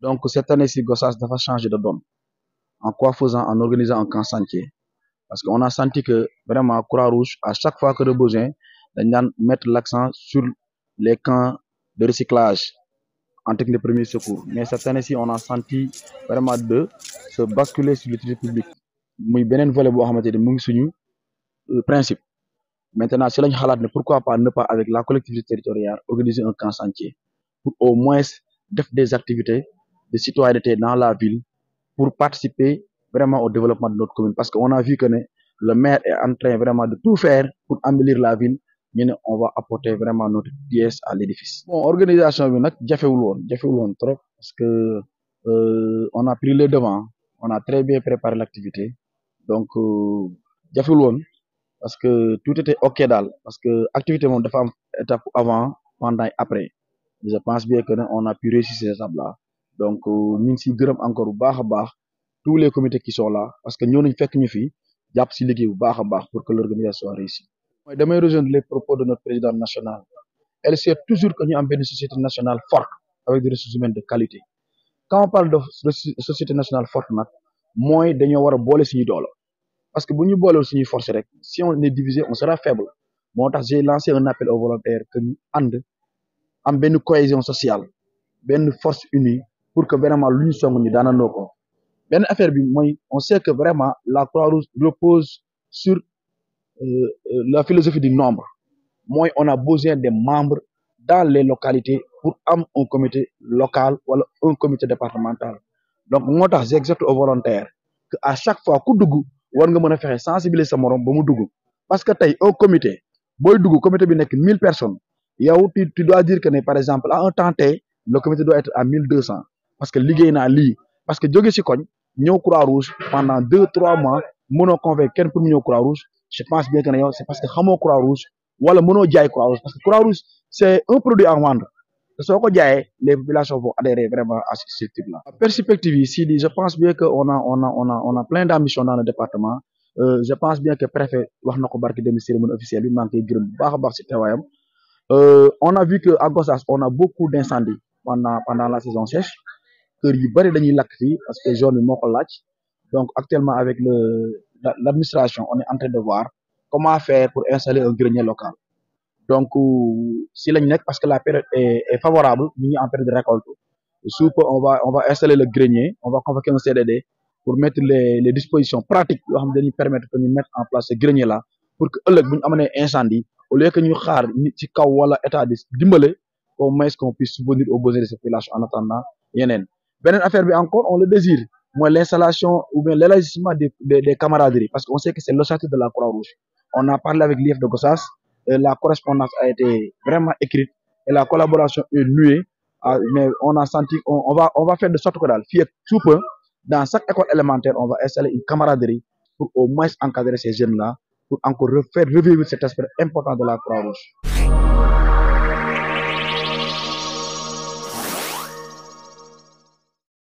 donc cette année-ci Gossas dafa changer de donne en quoi faisant en organisant un camp chantier parce qu'on a senti que vraiment Croix-Rouge à chaque fois que de besoin dañ daan mettre l'accent sur les camps de recyclage en technique de premier secours mais cette année-ci on a senti vraiment de se basculer sur l'utilité publique muy beneen volet boo xamante ne mu ngi suñu euh, principe maintenant si lañ xalaat ne pourquoi pas ne avec la collectivité territoriale organiser un camp chantier pour au moins def des activités de citoyenneté dans la ville pour participer vraiment au développement de notre commune parce qu'on a vu que le maire est en train vraiment de tout faire pour embellir la ville ñu ne on va apporter vraiment notre pièce à l'édifice organisation bi nag jafewul woon jafewul woon trop parce que euh, on a pris les devants on a très bien préparé l'activité donc euh, jafewul woon parce que tout était ok daal parce que activité moom dafa am étape avant pendant et après je pense bien que on donc euh, ñu ngi siy gërëm encore bu baax a baax tous les comités qui sont là parce que ñoo nañ fekk ñu fi jàpp si liggéey bu baax a baax pour que l'organisation réussisse mooy damay rejoindre les propos de notre président national elle sait toujours que ñu am benn société nationale forte avec des ressources de qualité quand on parle de société nationale forte nag mooy dañoo war a boole suñu doole parce que bu ñu boolewul suñuy force rek si on est divisé on sera faible moo tax j'ai lancé un appel aux am benn cohésion sociale benn force pour que vraiment lu ñu song ñu daanandoo ko benn affaire bi mooy on sait que vraiment la Croix-Rouge repose sur euh, la philosophie du nombre mooy on a besoin des membres dans les localités pour am un comité local wala un comité départemental donc moo tax j'exhorte aux volontaires que à chaque fois ku dugg war nga mën a fexe sensibiliser sa morom ba mu dugg parce que tey un comité booy dugg comité bi nekk mille personnes yow tu tu dois dire que ne par exemple à un temps T à mille deux cents parce que liggéey na li parce que jóge si koñ ñëw croix rouge pendant deux trois mois mënoo convaincre kenn pour mu ñëw croix rouge je pense bien que ne yow c'est croix rouge wala mënoo jaay croix rouge parce que croix rouge c'est un produit à vendre ko jaayee les populations vont adhérer vraiment à ce structure là perspective yi si je pense bien que on a plein d'ambition dans le département euh, je pense bien que préfet wax na ko barki dem cérémonie officielle bi maa ngi koy gërëm bu baax a baax si teewaayam euh, on a kër yu bëri dañuy lakk fii parce que zone bi moo ko laaj donc actuellement avec le l'administration on est en de voir comment faire pour installer un grenier local donc euh, si lañ nekk parce que la période est favorable ñu ngi en période de récolte sous peu on va on va installer le grenier on va convoquer un CDD pour mettre les dispositions pratiques yoo xam dañuy permettre que ñu mettre en place ce grenier là pour que ëllëg bu ñu amanee incendie au lieu ñu xaar ci kaw wala état di dimbale au moins qu'on puisse subvenir aux besoins des beneen affaire bi encore on le désire mooy l'installation ou bien l'élargissement des camaraderies parce que on sait que c'est l'ossature de la Croix-Rouge on a parlé avec l'IF de Gossas la correspondance a été vraiment écrite et la collaboration est nouée ah, mais on a senti on, on va faire de sorte que daal fii dans chaque école élémentaire on va installer une camaraderie pour au moins encadrer ces jeunes là pour encore refaire revivre cet aspect important